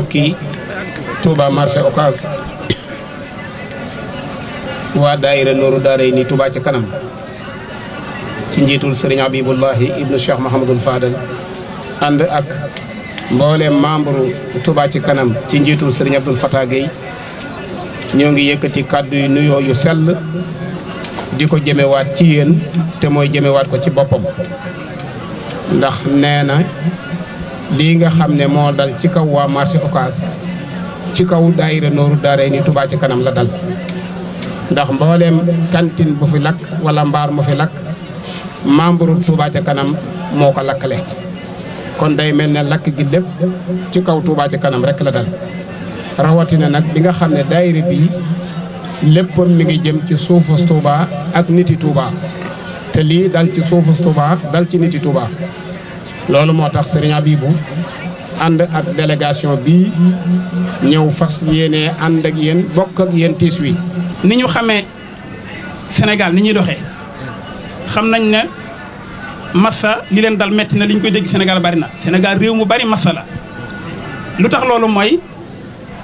mbokki Touba marché Ocass waa daayira Nuuru Daarayni Touba ca kanam ci njiitul sëriñ Habibullahi ibnu Cheikh Mahamadul Fadal ànd ak mboolem membre Touba ci kanam ci njiitul sëriñ Abdul Fatah Gueye ñoo ngi yëkkati kàddu yu nuyoo yu sell di ko jëmewaat ci yéen te mooy jëmewaat ko ci boppam ndax nee na lii nga xam ne moo dal ci kaw waa marché Ocass ci kaw daayira nooru daaray ni Touba ci kanam la dal ndax mbooleem cantine bu fi lakk wala mbaar mu fi lakk membre Touba ca kanam moo ko lakkale kon day mel ne lakk gi lépp ci kaw Touba ci kanam rekk la dal rawatina nag bi nga xam ne daayira bii léppam mi ngi jëm ci suufus Touba ak niti Touba te lii dal ci suufus Touba dal ci niti Touba loolu moo tax Serigne Abibou ànd ak délégation bi ñëw fas yéene àndak ak bokkak bokk yéen tiis wi. ni ñu xamee Sénégal ni ñuy doxee xam nañ ne massa li leen dal metti na li ñu koy dégg Sénégal bari na. Sénégal réew mu bari massa la lu tax loolu mooy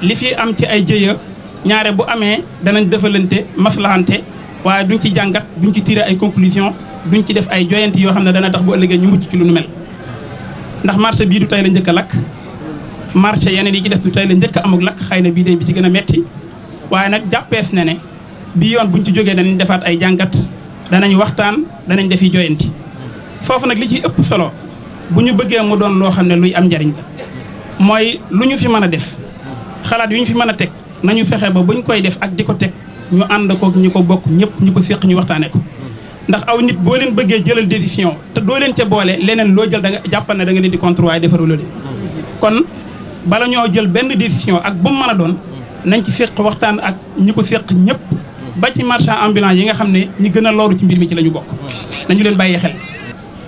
li fii am ci ay jëya ñaare bu amee danañ defalante maslahante waaye duñ ci jàngat duñ ci tiré ay conclusion duñ ci def ay joyante yoo xam ne dana tax bu ëllëgee ñu mucc ci lu nu mel. ndax marché bii du tey la njëkk a lakk marché yeneen yi ci def du tey la njëkk a amuk lakk xëy na bii day bi ci gën a metti waaye nag jàppees na ne bii yoon buñ ci jógee danañ defaat ay jàngat danañu waxtaan danañ defi joyanti foofu nag li ciy ëpp solo bu ñu bëggee mu doon loo xam ne luy am njariñ la mooy lu ñu fi mën a def xalaat yu ñu fi mën a teg nañu fexe ba bu ñu koy def ak di ko teg ñu ànd kook ñu ko bokk ñëpp ñu ko séq ñu waxtaanee ko ndax aw nit boo leen bëggee jëlal décision te doo leen ca boole leneen loo jël danga nga jàppal ne da leen di contre waaye defaru la leen kon bala ñoo jël benn décision ak bu mën a doon nañ ci séq waxtaan ak ñi ko séq ñëpp ba ci marchand ambulant yi nga xam ne ñi gën a looru ci mbir mi ci la ñu bokk dañu leen bàyyi xel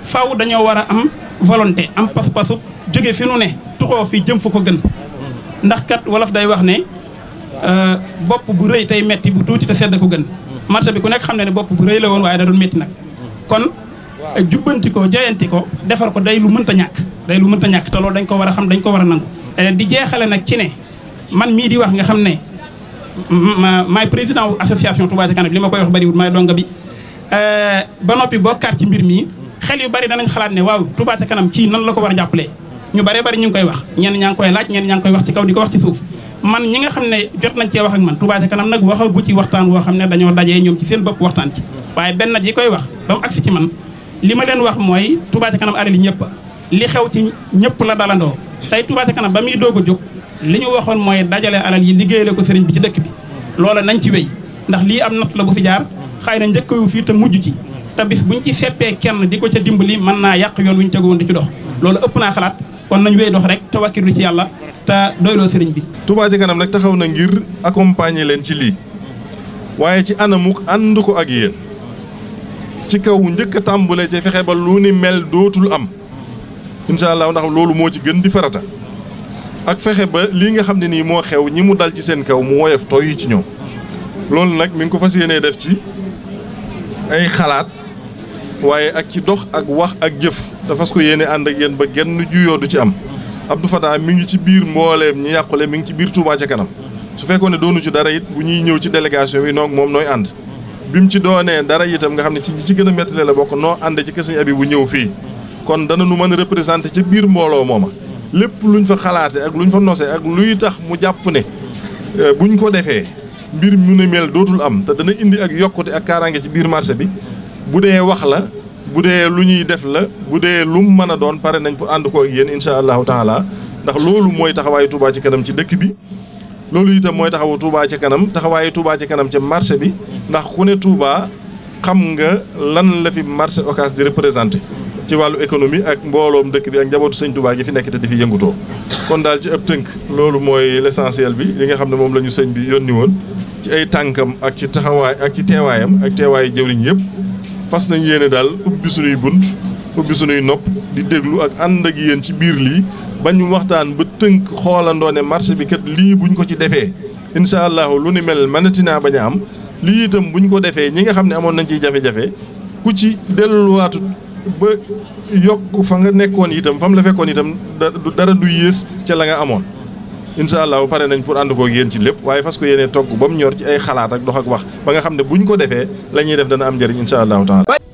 faw dañoo war a am volonte am pas-pasu jóge fi nu ne tuxoo fi jëm fu ko gën ndax kat wolof day wax ne euh, bopp bu rëy tey metti bu tuuti te sedd ko gën marché bi ku nekk xam ne ne bopp bu rëy la woon waaye da doon métti nag kon jubbanti ko joyanti ko defar ko day lu mënta ñàkk day lu mënta ñàkk te dañ ko war a xam dañ ko war a nangu eh, di jeexale nag ci ne man mii di wax nga xam ne maay président association Touba ca kanam li ma koy wax bariwul maay donga bi eh, ba noppi bokkaat ci mbir mii xel yu bari danañ xalaat ne waaw Touba ca kanam ci nan la ko war a jàppalee ñu baree bari ñu ngi koy wax ñenn ñaa ngi koy laaj ñenn ñaa koy wax ci kaw di ko wax ci suuf man ñi nga xam ne jot nañ cee wax man Touba kanam nag waxagu ci waxtaan woo xam ne dañoo dajee ñoom ci seen bopp waxtaan ci waaye benn yi koy wax ba mu agsi ci man li ma leen wax mooy Touba ca kanam alali ñëpp li xew ci ñëpp la dalandoo tey Touba ca kanam ba muy doo a jóg li ñu waxoon mooy dajale alal yi liggéeyale ko sëriñ bi ci dëkk bi loola nañ ci wéy ndax lii am natt la bu fi jaar na njëkk yu fii te mujj ci te bis buñ ci seppee kenn di ko ca dimbali mën naa yàq yoon wi ñu tegoon di ci dox loolu ëpp naa xalaat kon nañu wéy dox rek te wàkkirlu ci yàlla te doyloo sëriñ bi. Touba Ca Kanam nag taxaw na ngir accompagner leen ci lii waaye ci anamuk ànd ko ak yéen ci kaw njëkk a tàmbale ci fexe ba lu ni mel dootul am incha allah ndax loolu moo ci gën di farata ak fexe ba lii nga xam ne nii moo xew ñi mu dal ci seen kaw mu woyof tooy ci ñoom loolu nag mi ngi ko fas yéenee def ci ay xalaat waaye ak ci dox ak wax ak jëf. te fas ko yéene ànd ak yéen ba genn juyoo du ci am Abdou Fatah mi ngi ci biir mbooleem ñi yàqule mi ngi ci biir Touba ca kanam su fekkoon ne doonu ci dara it bu ñuy ñëw ci délégation bi noog moom nooy ànd bi mu ci doonee dara itam nga xam ne ci ci gën a la bokk noo ànd ci kër Sëñ Abi bu ñëw fii kon dana nu mën a représenté ci biir mbooloo mooma lépp luñ fa xalaate ak luñ fa nose ak luy tax mu jàpp ne euh, bu ñu ko defee mbir mu ne mel dootul am te dana indi ak yokkute ak kaaraange ci biir marché bi bu dee wax la bu dee lu ñuy def la bu dee lu mu mën a doon pare nañ pour ànd ko ak yéen incha allahu taala ndax loolu mooy taxawaayu Touba ci kanam ci dëkk bi. loolu itam mooy taxawu Touba ci kanam taxawaayu Touba ci kanam ci marché bi ndax ku ne Touba xam nga lan la fi marché Ocass di représenté. ci wàllu économie ak mbooloom dëkk bi ak njabootu sëñ Touba gi fi nekk te di fi yëngutoo kon daal ci ëpp tënk loolu mooy l'essentiel bi li nga xam ne moom la ñu sëñ bi yónni woon ci ay tànkam ak ci taxawaay ak ci teewaayam ak teewaayu jëwriñ yëpp. fas nañ yéene daal ubbi suñuy bunt ubbi suñuy nopp di déglu ak ànd ak yéen ci biir lii bañ waxtaan ba tënk xoola ndoone marché bi kat lii buñ ko ci defee incha allahu lu ni mel mënati naa bañ a am lii itam buñ ko defee ñi nga xam ne amoon nañ ciy jafe-jafe ku ci delluwaatu ba yokk fa nga nekkoon itam fam la fekkoon itam dara du yées ca la nga amoon. incha allah pare nañ pour ànd koog yéen ci lépp waaye fas ko yéene togg ba mu ñor ci ay xalaat ak dox ak wax ba nga xam ne buñ ko defee la ñuy def dana am njëriñ incha allahu taala